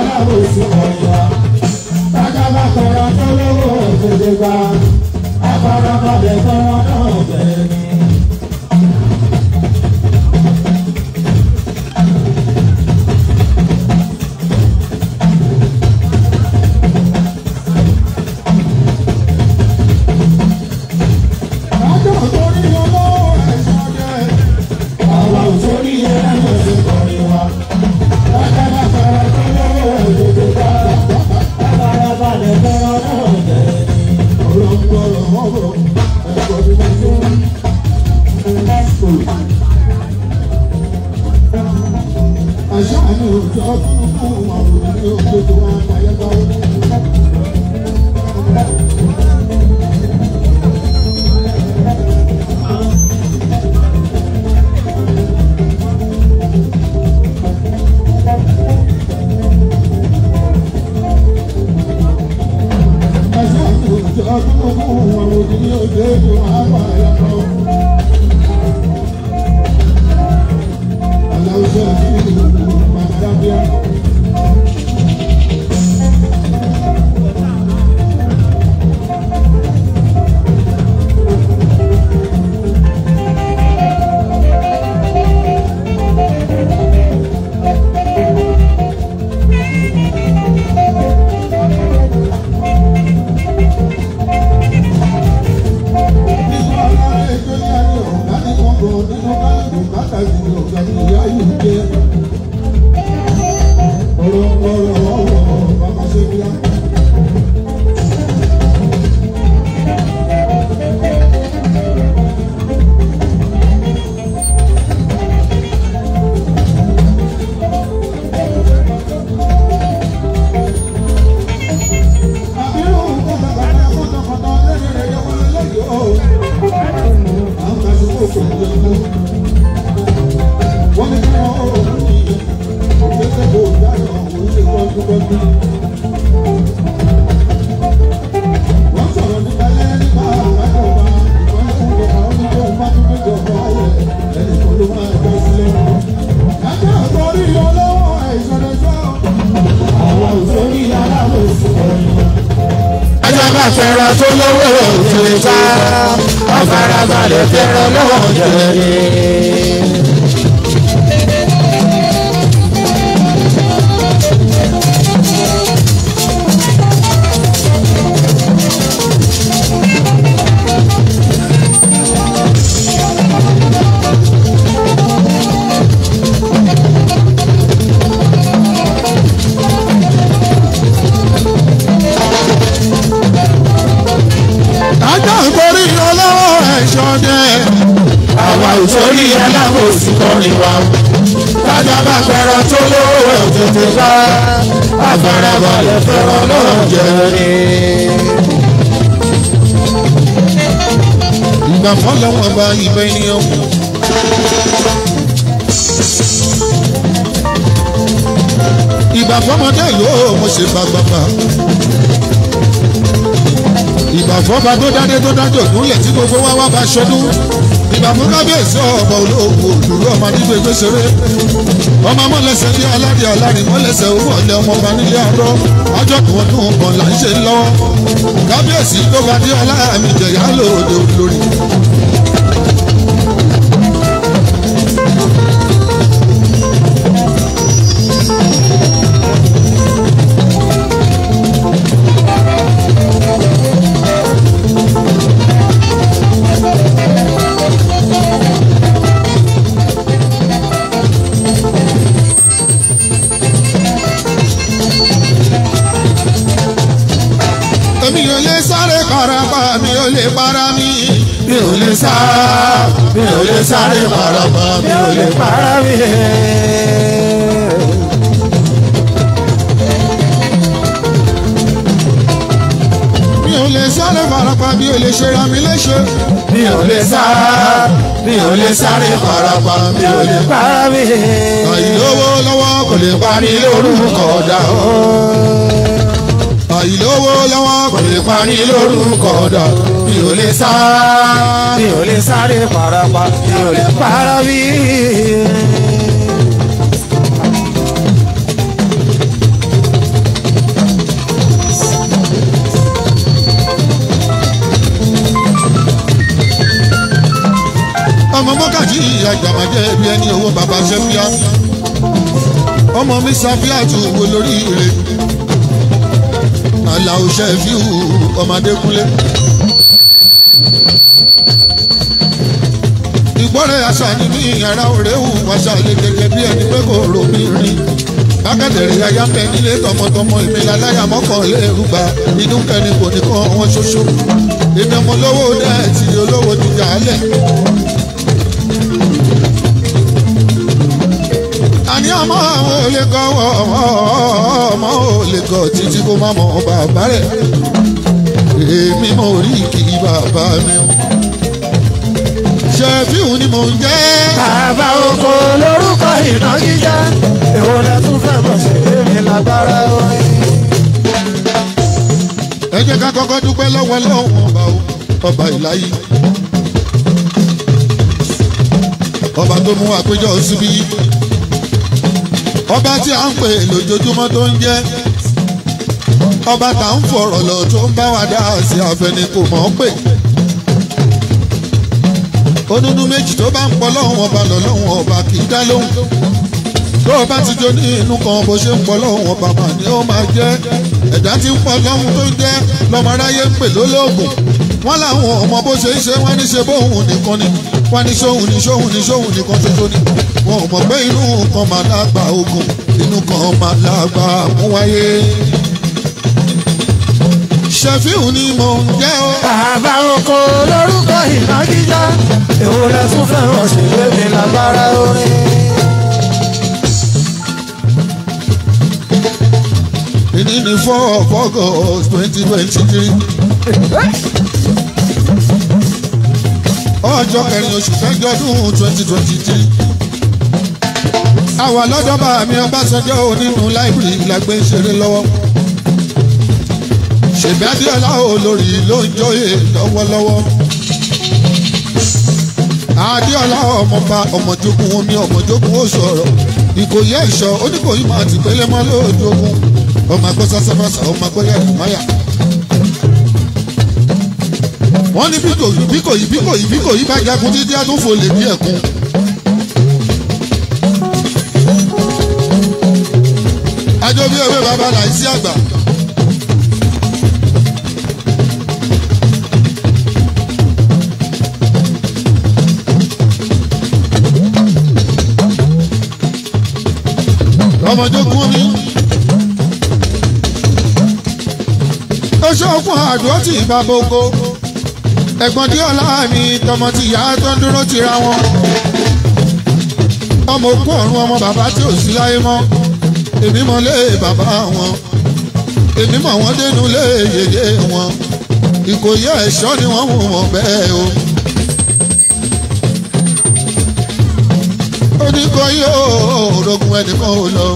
aláwọ̀ sí ọ̀yà tákàbà kọ̀ọ̀rọ̀ tó lówó òkèdè gbà àfọ̀rọ̀ gbàgbàgbà. ìbàfọ́ba tó dádé tó dájọ́ ìkúnlẹ̀ tí gbogbo wá wá bá ṣọdún. ìbàfọ́ kábíyèsí ọ̀bà olóògùn òdùrú ọmọ nígbè gbèsèrè. ọmọ mọ́lẹ́sẹ̀ ní alárí alárí mọ́lẹ́sẹ̀ owó ọ̀lẹ́ ọmọba nílé arọ́ ajọ́kùn ọdún kan là ń ṣe lọ́wọ́. kábíyèsí tó bá dé ọlá jẹ̀yà lóde olórí. lè sáré karapa mi ò lè para mi. mi ò lè sá mi ò lè sáré karapa mi ò lè para mi. mi ò lè sáré karapa mi ò lè ṣe ra mi léṣe. mi ò lè sá mi ò lè sáré karapa mi ò lè para mi. àyè lówó lọ́wọ́ kò lè parí lórúkọ ọ̀dà lọ́wọ́. kò lè parí lórúkọ ọ̀dọ̀ mi ò lè sá mi ò lè sáré parapa mi ò lè para bí. ọmọ mọ́kàjì àgbàmọ̀jẹ́ ibi ẹni owó bàbá ṣẹ́fíà ọmọ mi ṣàfíà tún wo lórí ire aláwùṣẹ fíù ọmọdé kúnlé. ìgbọ́rẹ̀ asani mi mí ara òré hù wáṣà lè gẹ́gẹ́ bí ẹni pé kò rò mí rìn. bákẹ́tẹ̀rẹ̀ aya ń bẹ nílé tọmọtọmọ ìmìlá láyà mọ́kànlélúgba inú kẹrin kò ní kàn wọ́n ṣoṣo. èmi ọmọ olówó dẹ́ẹ̀tì olówó ti dà á lẹ̀ àní ọmọ ò lè kọ ọmọ ọmọ ò lè kọ títí kó mọ bàbá rẹ̀ èmi mo rí kí bàbá mi o ṣẹ́fíù ni mò ń jẹ́. bàbá oko lórúkọ ìnagijẹ èwo lẹ tún fẹ́ bọ̀ sí èmi lágbára oyin. ẹ jẹ́ ká kọ́kọ́ dúpẹ́ lọ́wọ́ lọ́wọ́ ọba ọba ìláyé. ọba tó mú àpéjọ síbí ọba tí a ń pè lójoojúmọ́ tó ń jẹ́ ọba tá ń fọ̀rọ̀ lọ tó ń bá wa dá sí àfẹni kò mọ̀ ọ́n méjì tó bá ń pọ̀ lọ́hùn ọba lọ́hùn ọba kì í dá lóhùn tó o bá ti jó ní inú kan bó ṣe ń pọ̀ lọ́hùn ọba mà ni ó máa jẹ́ ẹ̀dá tí ń pọ̀ lọ́hùn tó ń jẹ́ lọ́mọ aráyé ń pè lólóògùn wọ́n láwọn ọmọ bó ṣe ń ṣe wọ́n ní ṣe bóhùn nìkan ni wọ́n ní ṣóhùn ní ṣóhùn ní ṣóhùn nìkan ṣoṣo ni wọn ò mọ̀ pé inú kan máa lágbà ogun inú kan máa lágbà àmúwáyé. ṣẹ́fíù ni mò ń jẹ́ o. bàbá oko lórúkọ ìnagijá èwo lẹ tún fẹ́ràn ṣèlú èmi lágbára orin. ìní ni four of August twenty twenty three ọjọ́ kẹrin oṣù kẹjọ ọdún twenty twenty three àwa lọ́dọ̀ bá mi Ọbásanjọ́ onínú láìbírì làgbé ń ṣeré lọ́wọ́ ṣèbẹ́díọ́lá olórí ló ń jóyè lọ́wọ́lọ́wọ́ adéọlá ọmọba ọmọjogun omi ọmọjogun ó sọ̀rọ̀ ìkòyí ẹ̀ṣọ́ oníkòyí máa ti pélé mọ́ lóòjogun ọmọ ẹgbẹ́ sásáfásá ọmọ ẹgbẹ́ ẹ̀dùnmáyà wọ́n ní bíkòyí bíkòyí bíkòyí bíkòyí bá jagun títí á tún fò lè bí ẹ̀kún. ajó bí ewé bàbá làí sí àgbà. ọmọdé kú mi. ó ṣokùn àdúró tí bàbá oko ẹ̀gbọ́n tí ọ̀la mi tọmọ ti yá tó ń dúró tira wọn. ọmọ òkú ọ̀run ọmọ bàbá tí ò sí láyé mọ́ èmi mọ̀ lé bàbá wọn èmi mọ̀ wọ́n dénú lé yèyé wọn ìkòyí ẹ̀ṣọ́ ni wọ́n mú wọn bẹ́ẹ̀ o. oníkòyí òòrògùn ẹnìkan ò lọ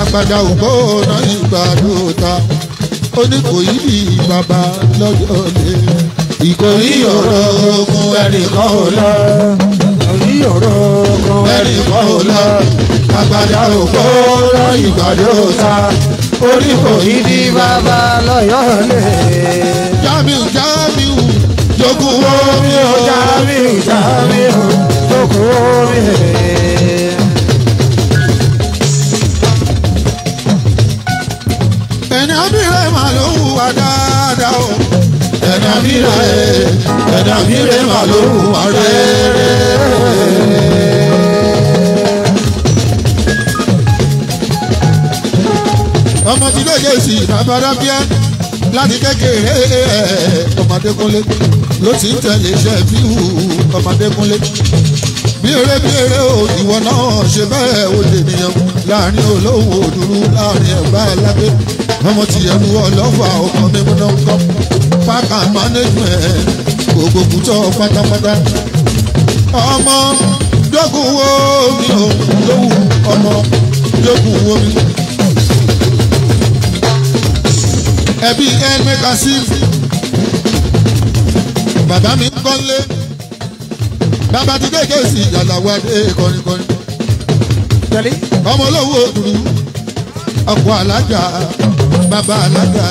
agbada ògbóná ìgbàlóta oníkòyí bàbá lọ́jọ́ lé. ìkòyí òòrògùn ẹnìkan ò lọ ìkòyí òòrògùn ẹnìkan ò lọ àgbàjá òpó lọ́yìn gbàdé òta orí kò ní bàbá lọ́yọ̀ lè. Jamiu Jamiu jogun omi o Jamiu Jamiu jogun omi. ẹni abirẹ mà ló wù wá dáadáa o. ẹni abirẹ ẹni abirẹ mà ló wù wá rẹ́rẹ́. ọmọ tí ló yẹ sí babalábíà láti kékeré ọmọdékúnlé ló ti ń tẹ̀lé iṣẹ́ fíhù ọmọdékúnlé bí eré bí eré o ìwọ náà ṣe bẹ́ẹ̀ o dènìyàn láàrin olówó òdúró láàrin ẹ̀gbá ẹ̀lágbé ọmọ tí ẹnu ọlọ́fà ọkọ mímúná ń kọ́ pákà mánéjìmẹ̀ gbogbo kùtọ́ pátápátá ọmọ jókòó wo mi ò lówù ọmọ jókòó wo ẹbí ẹnmẹ kasim bàbá mi kọ́lé bàbá ti dé kéèsì yàlàwà dé kọrinkọrin ọmọ olówó òdùrú ọkọ alága bàbá alága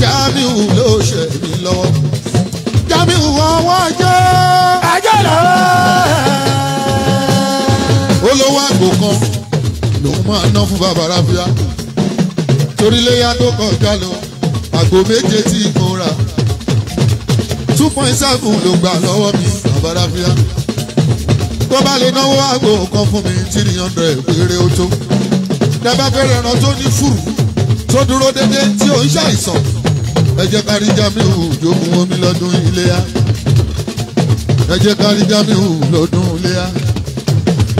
Jamiu ló ṣe mí lọ́wọ́ Jamiu ọwọ́ jẹ́ ajá lọ́wọ́ olówó àgbò kan lòun máa ná fún bàbá rábíà torí léyà tó kọjá lọ àgbo méje tí mo rà two point seven ló gbà lọ́wọ́ mi àbáráfíà tó bá lè náwó àgbo kan fún mi three hundred péré ó tó dábà fẹ́rẹ̀ ẹran tó ní fùrù tó dúró dédé tí ò ń ṣàìsàn ẹ jẹ́ ká rí Jamiu jogun omi lọ́dún iléyà ẹ jẹ́ ká rí Jamiu lọ́dún iléyà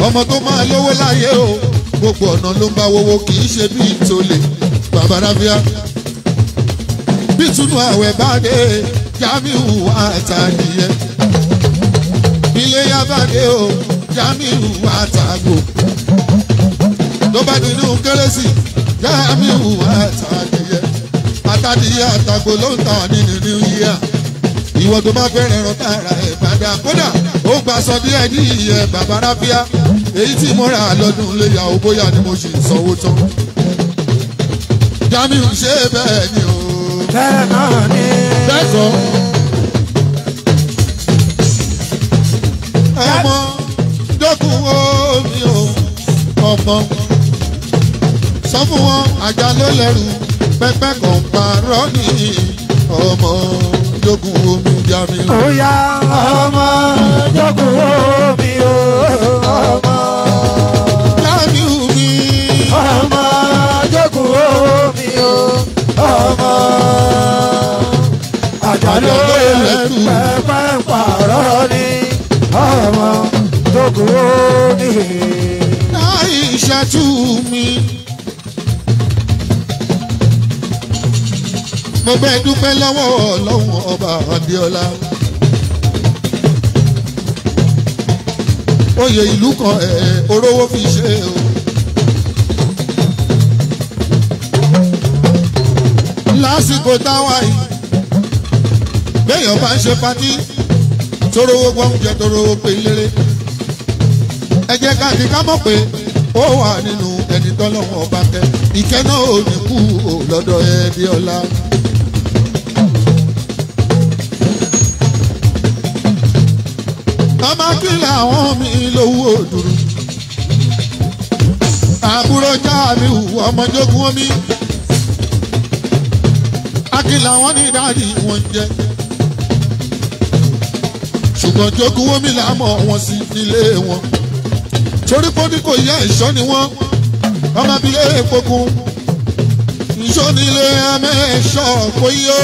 ọmọ tó máa lówó láyé o gbogbo ọ̀nà ló ń bá wọ́wọ́ kì í ṣe bí ìtòlè bàbá ráfíà bí túnú àwẹ̀ Jamiu àtàdìyẹ ilé yá o Jamiu atago, tó bá dúdú Jamiu àtàdìyẹ àtàdìyẹ atago, ló ń tàn nínú new year ìwọ tó bá fẹ́ràn ẹran tààrà ẹ̀ bá dá kódà ó gba sọ díẹ̀ ní ìyẹn bàbá èyí tí mo rà lọ́dún léyà ó bóyá ni mo sì sanwó tán. Jamiu ṣe bẹ́ẹ̀ ni o. bẹ́ẹ̀ náà ni. bẹ́ẹ̀ kọ́. ọmọ jókòó omi o ọmọ sọ fún wọn àjáló lẹ́rù pẹ́pẹ́ kan parọ́ ní ọmọ jókòó omi Jamiu. ó yá ọmọ jókòó omi. ẹrú. pẹpẹ pàrọ̀rọ̀ ni ọmọ tó kúrò níhe. láì ṣẹ́tù mi. mo bẹ dúpẹ́ lọ́wọ́ ọlọ́run ọba Abíọ́lá. oyè ìlú kan ẹ̀ orówó fi ṣe o. lásìkò táwa yìí béèyàn bá ń ṣe patí toro gbọ́ oúnjẹ torówó pé léré ẹ jẹ́ ká ní ká mọ̀ pé ó wà nínú ẹni tọ́lọ́wọ́ ọba tẹ ìkẹ́ náà ò ní kú lọ́dọ̀ ẹbí ọlá. ọmọ kí làwọn mi lówó òdùrú àbúrò já mi hù ọmọdógún omi akí làwọn ní wọn jẹ ṣùgbọ́n jókòó wómi làámọ̀ wọn sí nílé wọn torí pé ní kò yá ìṣọ́ ni wọ́n ọmọ abilé ìfokùn ìṣọ́ nílé amẹ́ṣọ́ kò yó.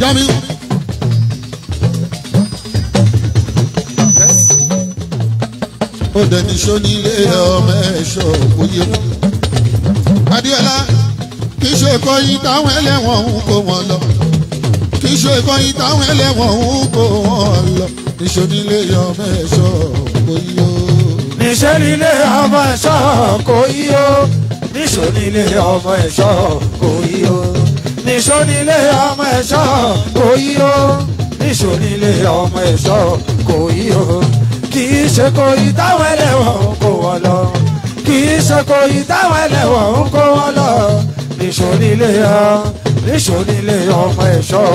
Jamiu. ó dẹni sọ nílé ọmọ ẹ̀ṣọ́ kò yé. Adéọlá kì í ṣe ìkọyín táwọn ẹlẹ́wọ̀n ń kó wọn lọ kì í ṣe ìkọyín táwọn ẹlẹ́wọ̀n ń kó wọn lọ níṣẹ́ nílé ọmọ ẹ̀ṣọ́ kò yí o. níṣẹ́ nílé ọmọ ẹ̀ṣọ́ kò yí o níṣẹ́ nílé ọmọ ẹ̀ṣọ́ kò yí o níṣẹ́ nílé ọmọ ẹ̀ṣọ́ kò yí o níṣẹ́ nílé ọmọ ẹ̀ṣọ́ kò yí o kì í ṣe kò táwọn ẹlẹ́wọ̀n ń kó wọn lọ kì í ṣe kò táwọn ẹlẹ́wọ̀n ń kó wọn lọ níṣó nílé ya níṣó nílé ọmọ ẹ̀ṣọ́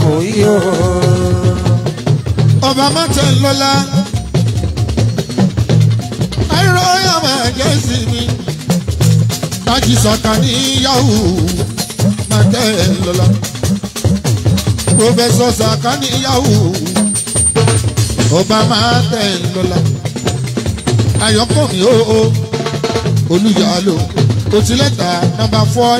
kò yí o. ọba mọ́tò ńlọ́lá ẹ̀rọ ọmọ ẹ̀jẹ̀ sí mi láti sọ̀tà níyàwó mọ́tò ńlọ́lá pòfẹ́sọ̀ sọ̀tà níyàwó ọba mọ́tò ńlọ́lá ayọ̀kùnrin ó olùyàló kò sí lẹ́tà nọ́mbà four.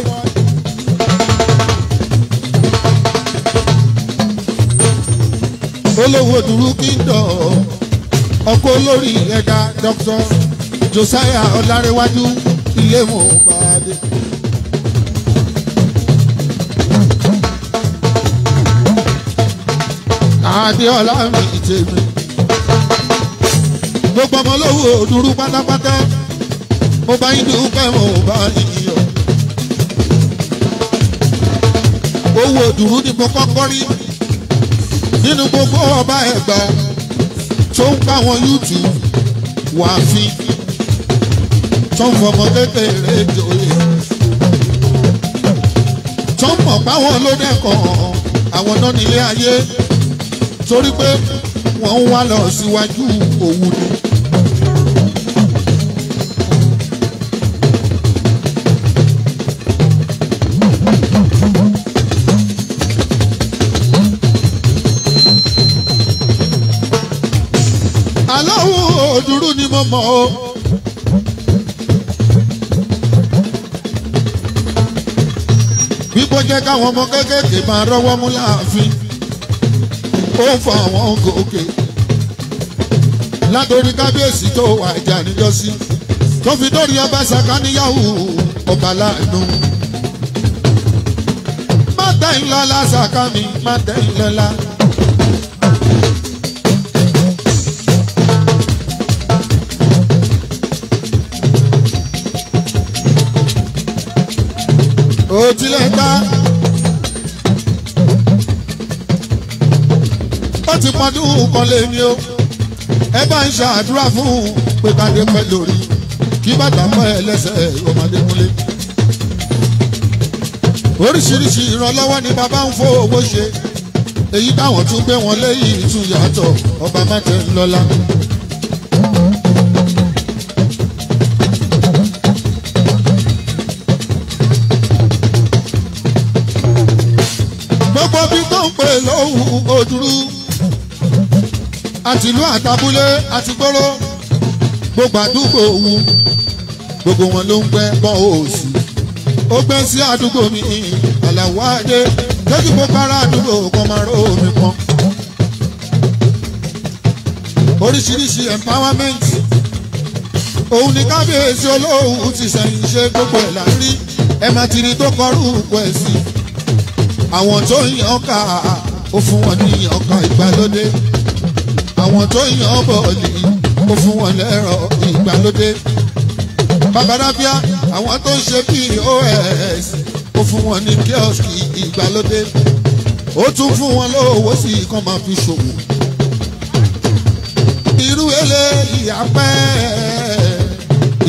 olówó dúró kingdom ọkọ olórí ẹ̀dá Dr. Josiah Ọlárẹ̀wájú ilé mọ̀ bàdé. Adéọlá mi tèmi gbogbo ọmọ olówó dúró pátápátá mo bá yín dúpẹ́ mo bá yín yọ̀. owó dùrú ni mo kọ́kọ́ rí nínú gbogbo ọba ẹ̀gbá tó ń báwọn yúùtù wà fi tó ń fọmọ kékeré jòyè tó ń mọ̀ báwọn olódẹ́kọ̀ọ́ àwọn náà nílé ayé torí pé wọ́n ń wá lọ síwájú òwú ọlọ́run òdúró ni mo mọ̀ o. gbígbó jẹ́ káwọn ọmọ kéékèèké máa rọ́wọ́ mú láàfin ó ń fa àwọn gòkè látòrí kábíyèsí tó wà ìjà níjọ́sí tó fi dórí ọba sàkáníyàwó ọba láàánú. má tẹ̀ ń lọ́la sàkámi má tẹ̀ ń lọ́la. tilẹ̀ ta. ó ti pọdún kan lé ní o ẹ bá ń ṣàdúrà fún un pé kàdé pẹ́ lórí kí bàtà mọ́ ẹ lẹ́sẹ̀ ọmọdé kúnlé. oríṣiríṣi ìrànlọ́wọ́ ni bàbá ń fowó ṣe èyí táwọn tún gbé wọn lẹ́yìn ìtúyàtọ̀ ọba mẹ́tẹ̀ ńlọ́lá. lóhùn òdúrú àtìlú àtàbúlé àti gbòòrò gbogbo àdúgbò òwú gbogbo wọn ló ń gbẹ́ bọ́ òsì ó gbẹ́ sí àdúgbò mi àlàwádé lójú gbogbo ará àdúgbò kan máa ró omi kan oríṣiríṣi empowerment òun ni kábíyèsí olóhùn ti sẹ́yìn ṣe gbogbo ẹ̀ lárí ẹ máa ti rí tó kọrú pẹ̀ sí àwọn tó yàn ká ó fún wọn ní ọkọ̀ ìgbàlódé àwọn tó yàn bọ̀ọ̀lì ó fún wọn lẹ́rọ ìgbàlódé babaláfíà àwọn tó ń ṣe pos ó fún wọn ní kíọ́sì ìgbàlódé ó tún fún wọn lówó sí i kán máa fi ṣòwò irú eléyìí apẹ́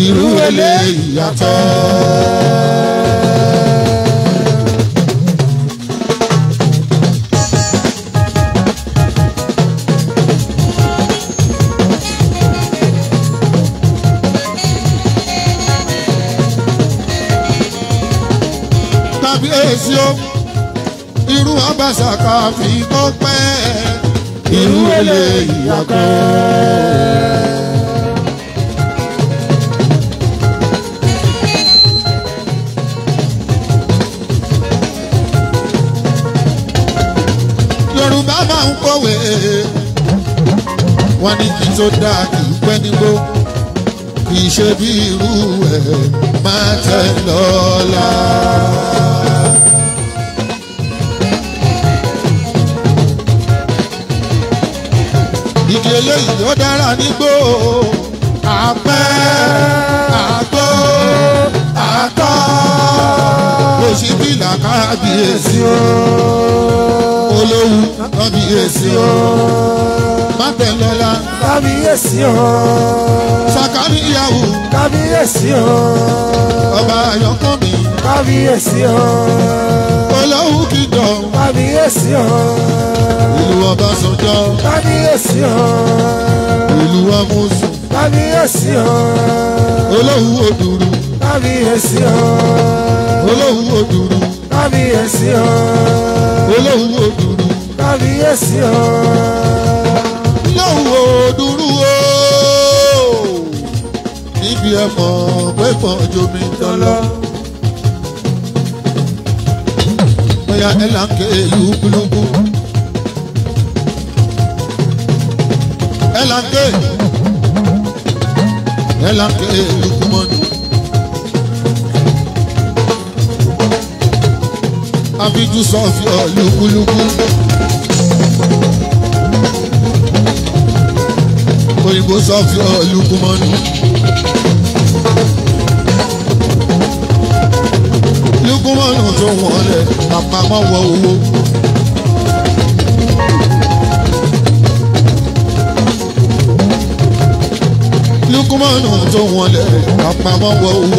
irú eléyìí apẹ́. kábíyèsí o irú abàṣà káfí kọ́ pẹ́ irú èlé ìyàkọ́. yorùbá máa ń kọ̀wé wọn ní kí tó dáa kì í pẹ́ nígbó iṣẹ́ bí irú ẹ̀ máa tẹ̀ lọ́la. ìdí eléyìí ó dára nígbó àpẹ́ àgbo àtọ́ kò sí bí làkàbíyèsí olówú kábíyèsí o. Mátẹ̀lọ́lá kábíyèsí o. Sàkáníyàwó kábíyèsí o. Ọba Ayọ̀kánmi kábíyèsí o. Olówú kìdọ̀ kábíyèsí o. Ìlú Ọbásanjọ́ kábíyèsí o. Ìlú Amúsùn kábíyèsí o. Olówú Odùrú kábíyèsí o. Olówú Odùrú kábíyèsí o. Olówú Odùrú kábíyèsí o. yóò wo dúró o níbi ẹ̀fọ́ pẹ́fọ́ jomi tọ́lọ́. bóyá ẹ là ń ké ìlú kúlúkú. ẹ là ń ké ẹ là ń ké ìlú kúmọ́nù. àbíjú sọ fi ọ̀ lúkúlúkú. òyìnbó sọ fi Lukumanu. Lukumanu tó wọlé àpamọ́ wọ owó. Lukumanu tó wọlé àpamọ́ wọ owó.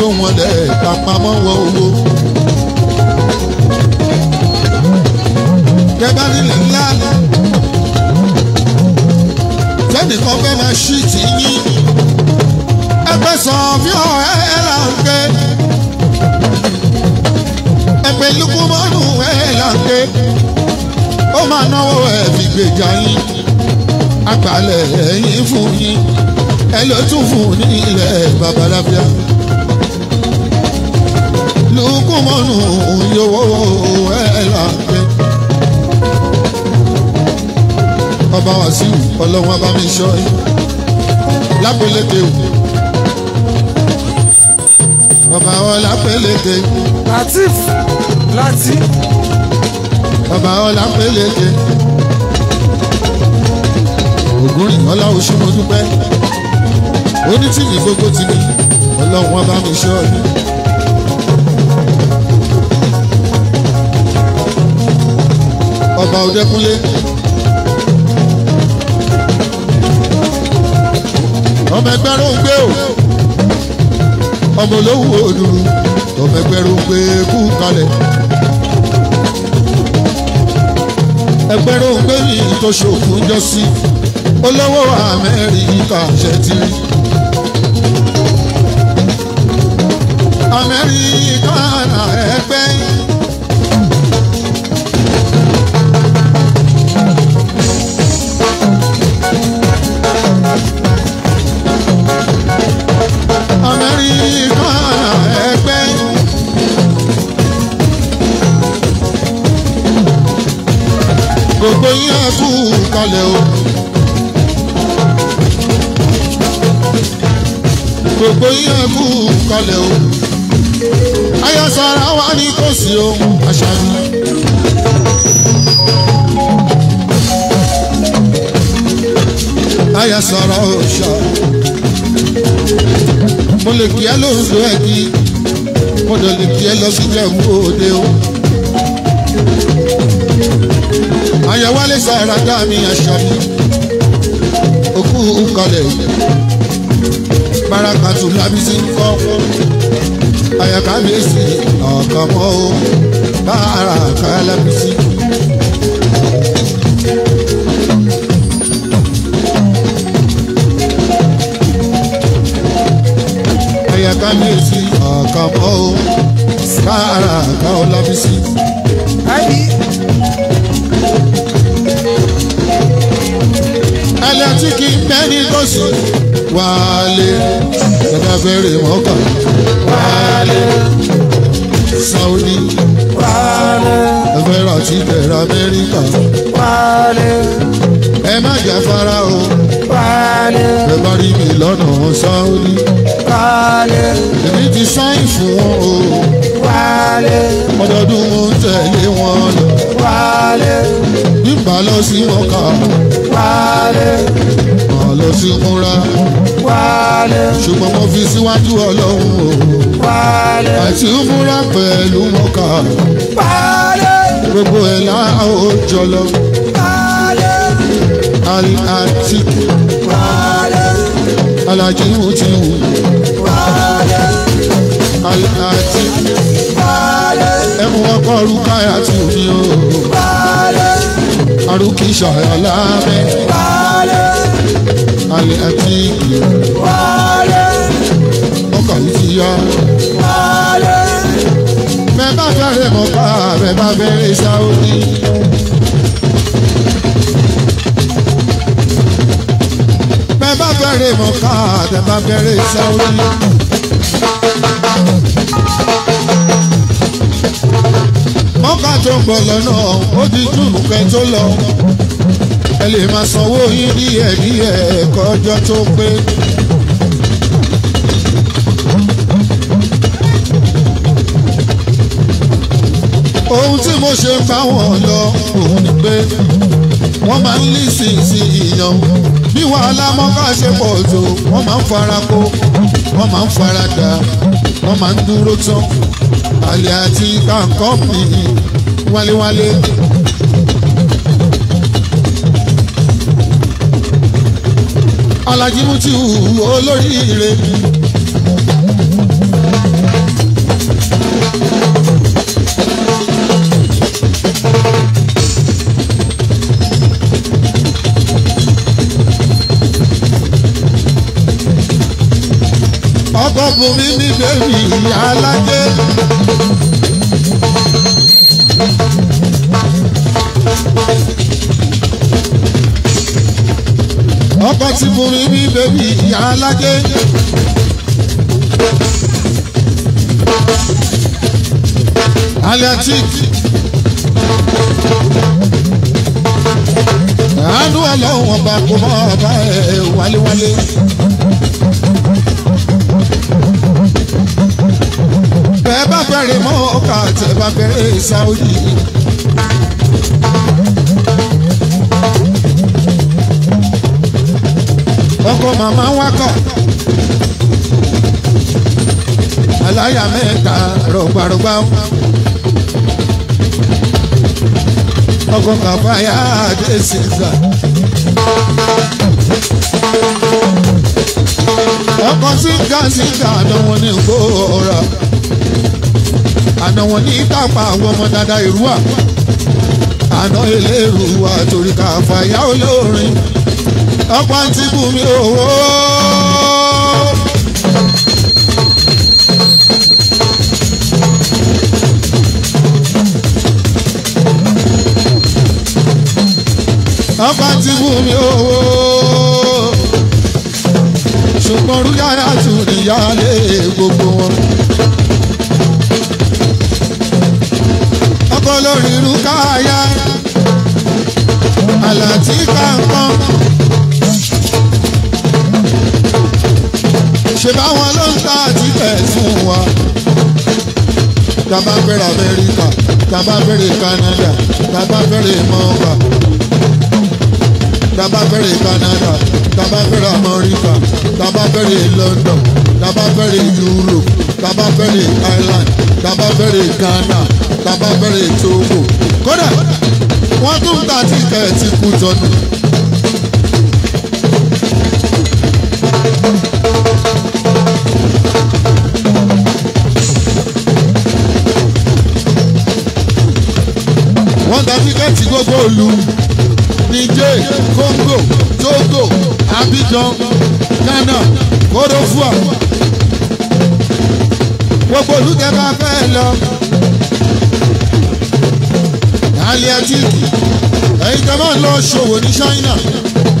tó wọn lẹ̀ ká pamọ́ wọ owó. Gẹ́gẹ́ nílẹ̀ ńlá fẹ́nìkan fẹ́ máa ṣí ti yín. Ẹ fẹ́ sọ fí ọ̀ ẹ́ ẹ́ là ń gbé. Ẹ pé lukumọ́nù ẹ́ là ń gbé. Ó máa náwó ẹ̀ fi gbèjà yín. Àgbàlẹ̀ ẹ̀yìn fún yín. Ẹ ló tún fún ní ilẹ̀ babalábíà lukumanu yowo ẹlà gbé. ọba wàsíù ọlọ́wọ́n bá mi sọ yìí lápẹ̀lẹ́tẹ̀ òkú bàbá ọlá pélékè. latif láti. bàbá ọlá pélékè. ògùn ọlá oṣù mo dúpẹ́ onítìmí gbogbo ti ní ọlọ́run ọba mi ṣọ́ọ̀lù. ọba Ọdẹkúnlé. ọmọ ẹgbẹ́ ló ń gbé o ọmọ olówó òdùrú ọmọ ẹgbẹ́ ló ń gbé kú kalẹ̀. ẹgbẹ́ ló ń gbé mi tó ṣòfò jọ sí olówó Amẹ́ríkà ṣe ti rí. Amẹ́ríkà náà ẹgbẹ́ yìí. amẹ́ríkà ẹgbẹ́. gbogbo yín á kú kalẹ̀ o. gbogbo yín á kú o. ayọ̀sára wa ni kò sí ohun àṣà mi. ayasara ọ̀ṣà mo lè kí ẹ lóńdó ẹ̀dí mo dẹ̀ lè kí ẹ lọ sí jẹun òde o. àyẹ̀wálé sàrà dá mi àṣà mi òkú kalẹ̀ barakatu labisi kọ́kọ́ àyàkábíyèsí ọ̀kàmọ́ o bára kálábísí. yẹ kábíyèsí ọ̀kan mọ́ o sára àká ọlábísí. ẹlẹ́tí kì í mẹ́ni lóṣù wálé ẹ̀ka fẹ́rẹ̀ fẹ́ rà sí bẹ̀rẹ̀ Amẹ́ríkà. Wálé. Ẹ má jà fara o. Wálé. Ẹ bá rí mi lọ́nà Sáúdí. Wálé. Èmi ti sáyìn fún wọn o. Wálé. Ọdọọdún mo ń tẹ̀lé wọn lọ. Wálé. Bí màá lọ sí Mọ́kà. Wálé. Màá lọ sí Múra. Wálé. Ṣùgbọ́n mo fi síwájú Ọlọ́run o. Wálé. Àti Múra pẹ̀lú Mọ́kà. Wálé gbogbo ẹ̀ láà ó jọlọ. àti alájí wò ti àti ẹmu ọkọ rúkà àti òní o. arúkì ṣàyà láàbẹ̀. àlẹ́ àti ọkọ̀ yìí ti yá bẹ́ẹ̀ bá fẹ́rẹ̀ mọ́ pa bẹ́ẹ̀ bá fẹ́rẹ̀ sáwọ́dí. bẹ́ẹ̀ bá fẹ́rẹ̀ mọ́ pa bẹ́ẹ̀ bá fẹ́rẹ̀ sáwọ́dí. mọ́kà tó ń bọ̀ lọ́nà ó ti jù kẹ́ tó lọ ẹ lè máa sanwó yín díẹ̀díẹ̀ kọjọ́ tó pé. ohun tí mo ṣe bá wọn lọ òun ni pé wọ́n máa ń lì sí sí ìyàn bí wàhálà mọ́ká ṣe pọ̀ jù wọ́n máa ń fara kó wọ́n máa ń fara dà wọ́n máa ń dúró tán àlè àti kàǹkọ́ mi wálewálé. Alhaji Mutiu olóríire. bùnmi ní bèbí alájẹ. ọkọ tí bùnmi ní bèbí alájẹ. aliatik àánú ọlọ́wọ́n bá kó mọ́ ọba ẹ̀ wálé wálé. fẹ́rẹ̀ mọ́ ọkà tẹ́ bá bẹ̀rẹ̀ Saudi. ọkọ màmá wakọ̀ aláya mẹ́ta rọ̀gbàrọ̀gbà ọkọ kàfáyà dé sísà. ọkọ síga síga lọ́wọ́ ní kó rà àná wọn ní tápá àwọn ọmọ dáadáa Èrúwà àná Ẹlẹ́rúwà torí ká fàyà olórin ọ̀pá ti bù mí owó. ọ̀pá ti bù mí owó ṣùgbọ́n rúyàrá tún níyàlé gbogbo wọn. olórin Rúkáyà àlàtí kankan. ṣe báwọn ló ń ta àtìtẹ̀ fún wa. tàbá bẹ̀rẹ̀ Amẹ́ríkà tàbá bẹ̀rẹ̀ Canada tàbá bẹ̀rẹ̀ mọ́ọ̀bà tàbá bẹ̀rẹ̀ Canada tàbá bẹ̀rẹ̀ Amẹ́ríkà tàbá bẹ̀rẹ̀ London tàbá bẹ̀rẹ̀ Europe tàbá bẹ̀rẹ̀ Ireland tàbá bẹ̀rẹ̀ Ghana tàbá bẹ̀rẹ̀ Togo kódà wọ́n tún ń ta tíkẹ̀ tí kú jọnu. wọ́n ta tíkẹ́ẹ̀tì gbogbo ìlú Niger Congo Togo Abidjan Ghana Kodofua gbogbo olùkẹ́ bá fẹ́ lọ. Aliatiki ẹ̀yin tẹ́ máa ń lọ ṣòwò ní Ṣáínà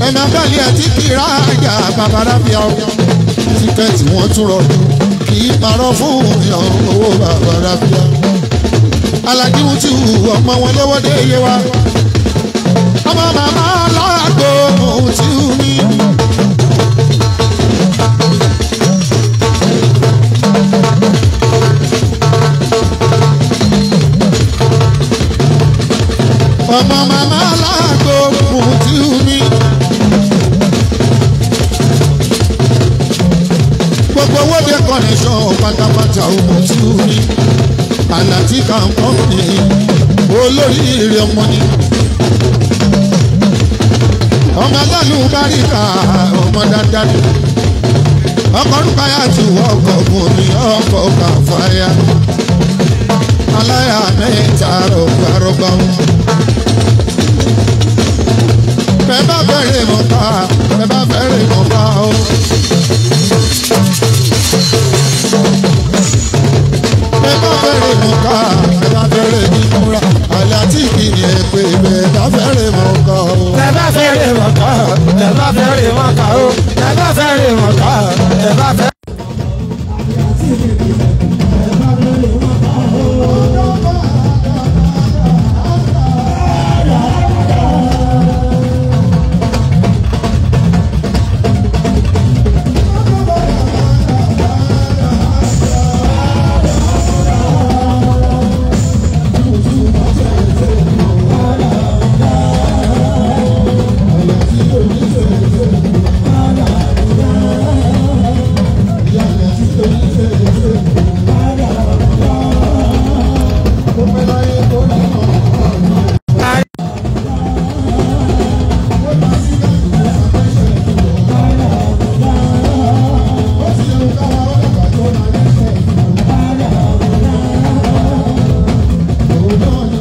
ẹ máa bá Aliatiki ra àjà bàbára fi àwọn tíkẹ́ẹ̀tì wọn tún rọrùn kì í parọ́ fún ìyàn owó bàbára fi àwọn. alájíwú ti hù ọmọ wọn lọ́wọ́ dé iye wa ọmọ màmá lágbo ohun tí ó ní. thank you ọmọ màmá aláàgbò Mutumi. gbogbo owó bí kọ́nẹ̀ṣọ́ pátápátá o Mutumi. àlàtí kan kọ́ ni olórí ire ọmọ ni ọmọ aláàlú báríkà ọmọ dáadáa ni ọkọ̀ orúkọ ayá ti wọ ọkọ̀ ògùn omi ọkọ̀ kan fàáyà aláya mẹ́ta rọ̀gbàrọ̀gbà wọn bẹ́ẹ̀ bá fẹ́rẹ̀ mọ̀ ká bẹ́ẹ̀ bá fẹ́rẹ̀ mọ̀ ká o. bẹ́ẹ̀ bá fẹ́rẹ̀ mọ̀ ká bẹ́ẹ̀ bá fẹ́rẹ̀ mímúra àlẹ́ àti ìkíni ẹ̀ pé bẹ́ẹ̀ bá fẹ́rẹ̀ o. bẹ́ẹ̀ bá fẹ́rẹ̀ mọ̀ Lord.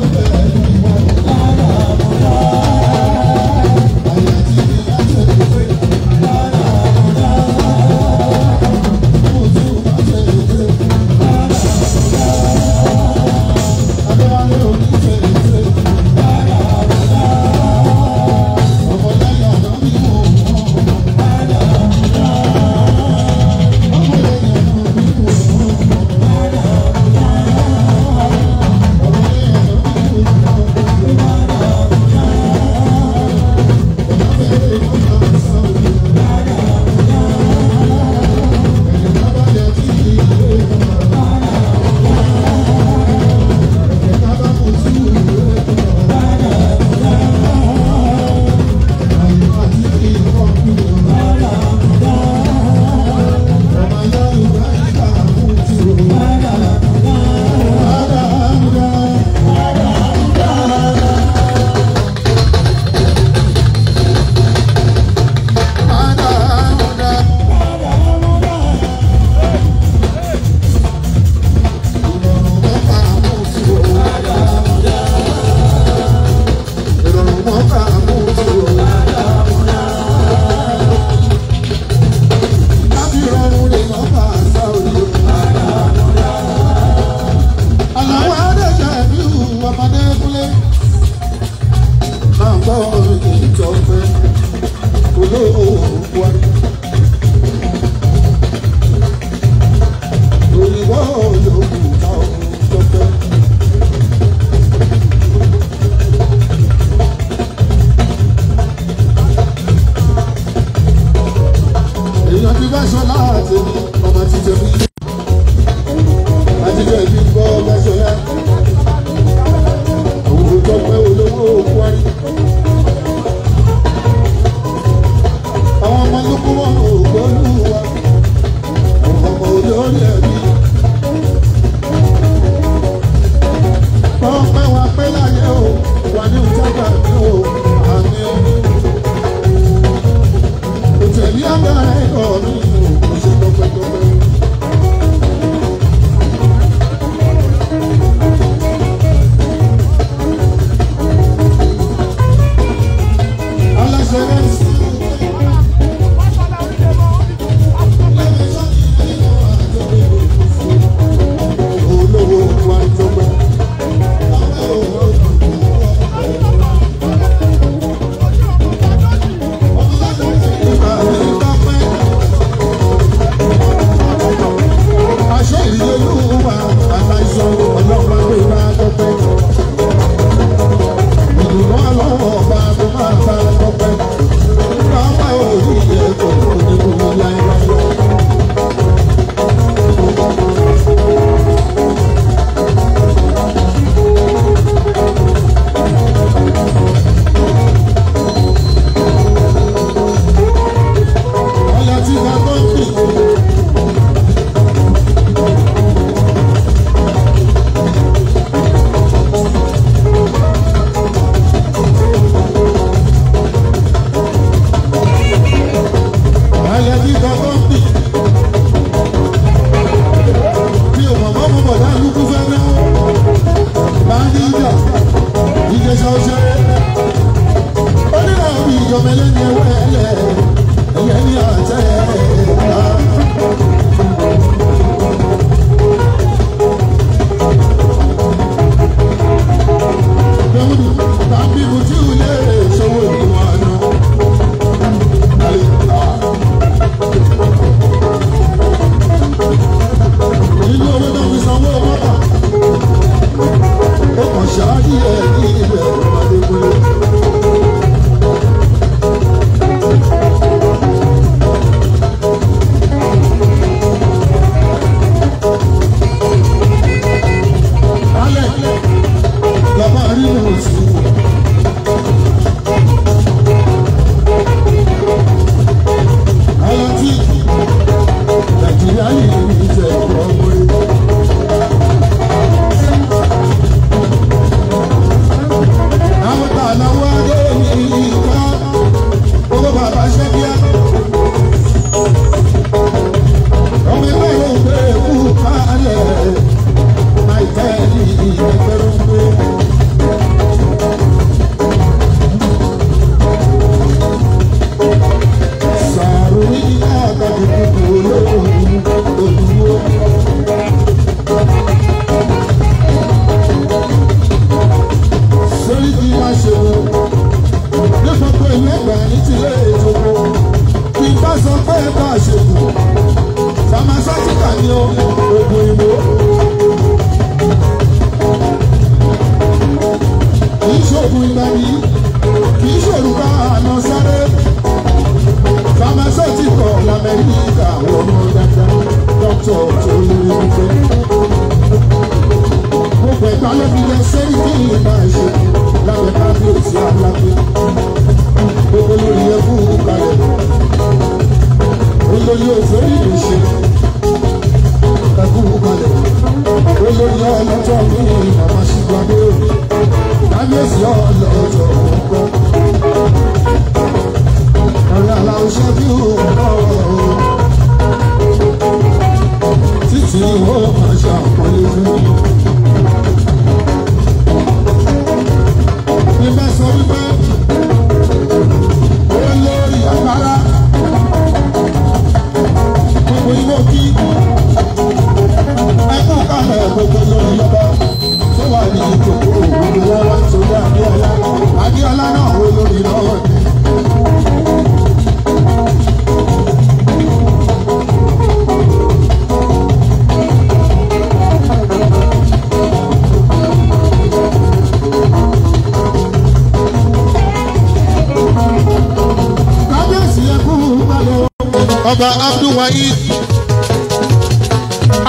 yìí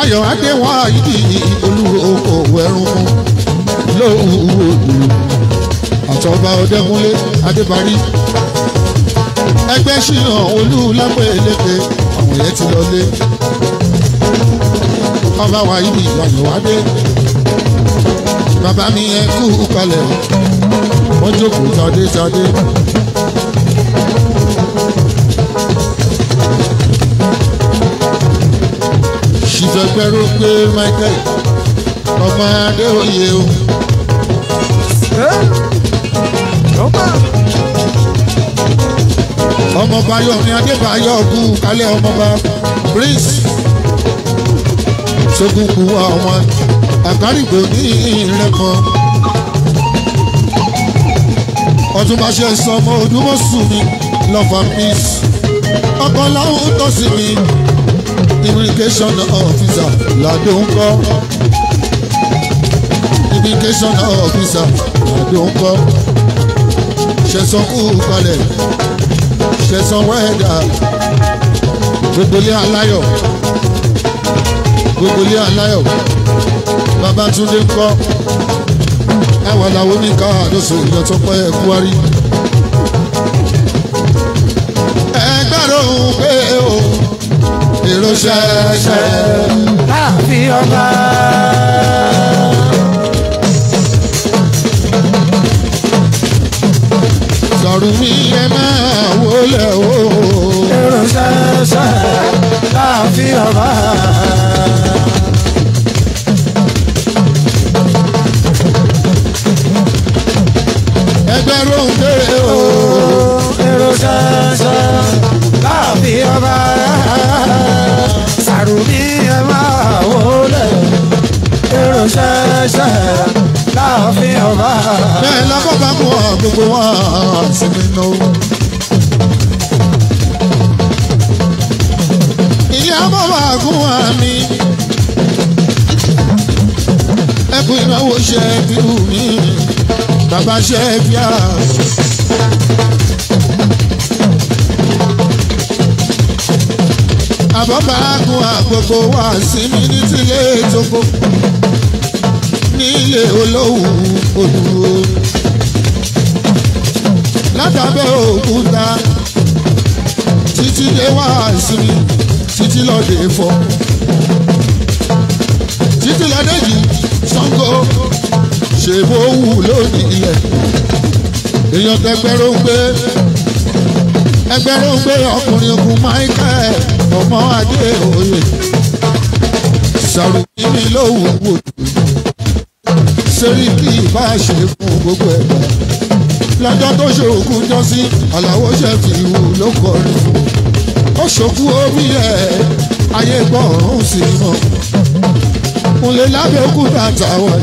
ayọ̀ adéwọ̀n ayídì olúwo òkòwò ẹ̀rùn mu lóhùn òdù àtọ́ba ọdẹ́kúnlé adébárí ẹgbẹ́ ṣìnà olú lápẹ́ eléke àwọn yẹn ti lọlé ọba wa yìí ayọ̀ adé bàbá mi yẹn kú kalẹ̀ wọ́n jókòó tadé tadé. ṣìṣọ́gbẹ́ ló pé Michael ọmọ Adéoyè o. ọmọ Bayọ̀ ni Adébáyọ̀ kú kálẹ̀ ọmọba Prince sogunku ọmọ àkárìgbò ní ìrẹ́pọ̀ ọtúnbáṣẹ sọmọ ojúmọ́ sùn mi lọ́fà peace ọkọ̀ láwọn tó sì mi. Immigration officer làdó ń kọ́ Immigration officer làdó ń kọ́ ṣẹ̀sán kú palẹ̀ ṣẹ̀sán wẹ́ẹ̀dà gbogbo ilé aláyọ̀ gbogbo ilé aláyọ̀ Babátúndé ń kọ́ ẹwà làwọn oníkà àdóso ìyọ̀ tó pẹ́ ẹ̀ kúwárí. ẹgbẹ́ ròhùn pé fi ránṣẹ́ ṣẹ́. Láàfi ọba. Sọ̀rọ̀ mi ẹ máa wọlé o. Irunṣẹ́ ṣẹ́ láàfi ọba. Ẹgbẹ́ rohùn ló ṣẹ̀ṣẹ̀ láàfin ọba. bẹ́ẹ̀ lọ́kọ̀ bá mú ọ gbogbo wọn sinmi nù. ilé ọmọ bá gún wa mi. ẹkùn ìnáwó ṣe é bí wù mí bàbá ṣe é bí a. àbọ̀bàákun àgbègbè wà sinmi ní tilé tókó nílé olówó olúwo látàbẹ́ òkúta títí dé wà sinmi títí lọ́dẹ̀ fọ́ títí lọ́dẹ̀ yìí Ṣàngó ṣèbó wù lónìí ilẹ̀ èèyàn tẹgbẹ́rún gbé ẹgbẹ́rún gbé ọkùnrin ogun Michael darapọ̀ mọ́ adé òye sàrùkí mi lówó wò sẹ́rí kí ìbá ṣe fún gbogbo ẹ̀dá lọ́jọ́ tó ṣòkú jọ́sí àlàó ṣe fi wù ló kọrin ó ṣòkú orí ẹ̀ ayé gbọ́ ọ̀run sí mọ́ kúnlé lábẹ́ òkúta àtàwọn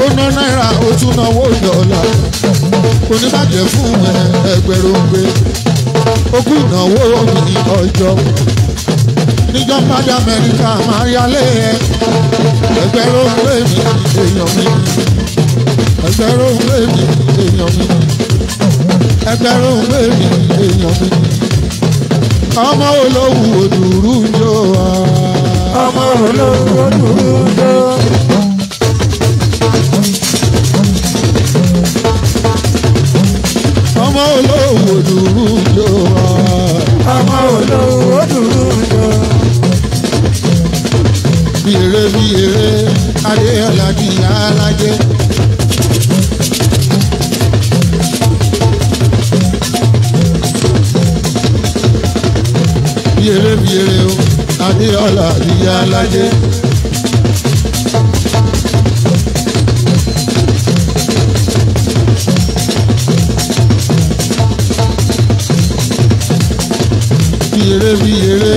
ó ná náírà ó tún náwó dọ́là oníbàjẹ́ fún ẹgbẹ̀rún gbé ogún ìnáwó ní ọjọ́ níjọ́ padà Amẹ́ríkà máa yálé ẹ ẹgbẹ́rún pé mi èèyàn mi ẹgbẹ́rún pé mi èèyàn mi ẹgbẹ́rún pé mi èèyàn mi ọmọ olówó òdùrú ń jó wa. ọmọ olówó òdùrú ń jó ọmọ olówó dùrú jọ wá. ọmọ olówó dùrú jọ. bí eré bí eré adéọlá di alájẹ. bí eré bí eré o adéọlá di alájẹ. yèrè bí yèrè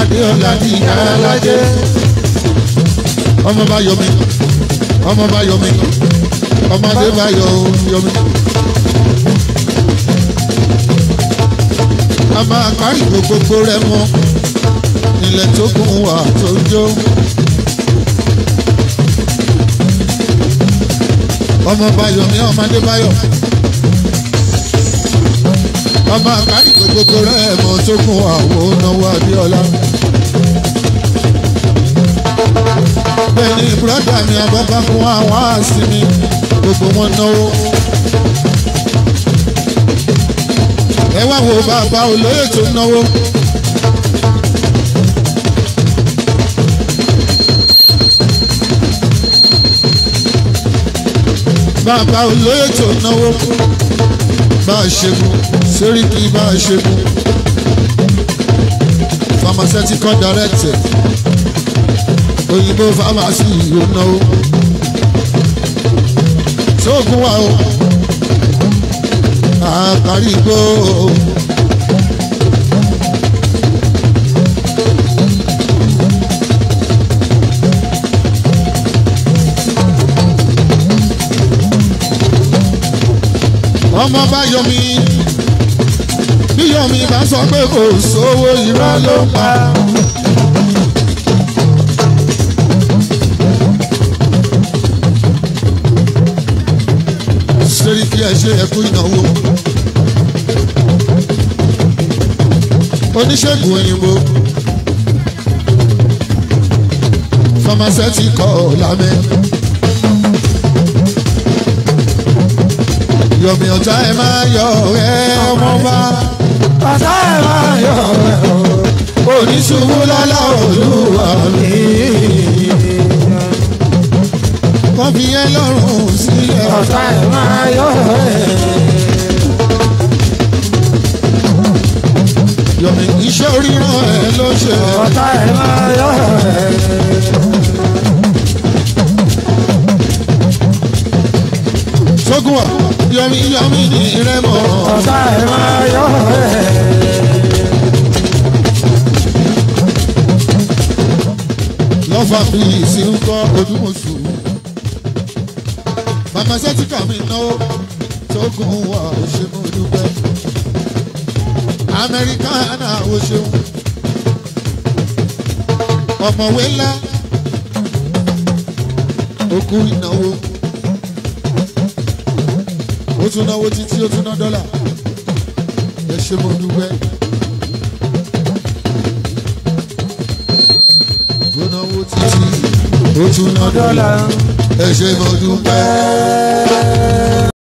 adéọlá di alájẹ ọmọ bá yọmi ọmọ bá yọmi ọmọ bá yọ yọmi. a máa pariwo gbogbo rẹ mọ ilẹ̀ tó kún wà tó jó. ọmọ bayọ̀ mi ọmọ adébáyọ̀ ọmọ àkárí kékeré ẹ̀mọ́ tó kún àwọn náwó Abíọ́lá. bẹ́ẹ̀ni bùrọ̀dà mi àbábá kún àwọn àásì mi gbogbo wọn náwó. ẹ wá wo bàbá olóyè tó náwó. bàbá olóyè tó náwó bá a ṣe kú. Seriki Bansegun pharmaceutical director òyìnbó pharmacy ìyóná o sóògùn wa o àkàrí igbó o. ọmọ bá yọ mí. Mi bá sọ pé kò sówó irọ́ ló pa. sórí kí ẹ ṣe ẹkú ìnáwó. oníṣègùn òyìnbó famasẹ́tì kọ́ ọ̀làmẹ́. yọ̀mí ọ̀tá ẹ máa yọ̀ ẹ́ ọmọ bá bàtà ẹ̀ máa yọ ẹ̀ o oníṣubú lọ́lá olúwa mi. wọ́n fi yẹn lọ́rùn sílẹ̀ ọ̀tá ẹ̀ máa yọ ẹ̀. yọ̀mí iṣẹ́ oríran ẹ̀ ló ṣe ẹ̀ máa yọ ẹ̀. ṣógun wa yọmi yọmi ní ìrẹ́mọ. ọ̀sá ẹ̀ máa yọ ẹ̀. lọ́fà mi ìsì ń kọ́ ojúmọ̀ṣù. pharmaceutical mi náwó ṣógun wa ò ṣe mú dúpẹ́. amẹ́ríkánà ò ṣeun. ọ̀mọ̀wé ńlá òkú ìnáwó ó tún náwó títí ó tún ná dọ́là ẹ ṣe mo dúpẹ́. ó náwó títí ó tún ná dọ́là ẹ ṣe mo dúpẹ́.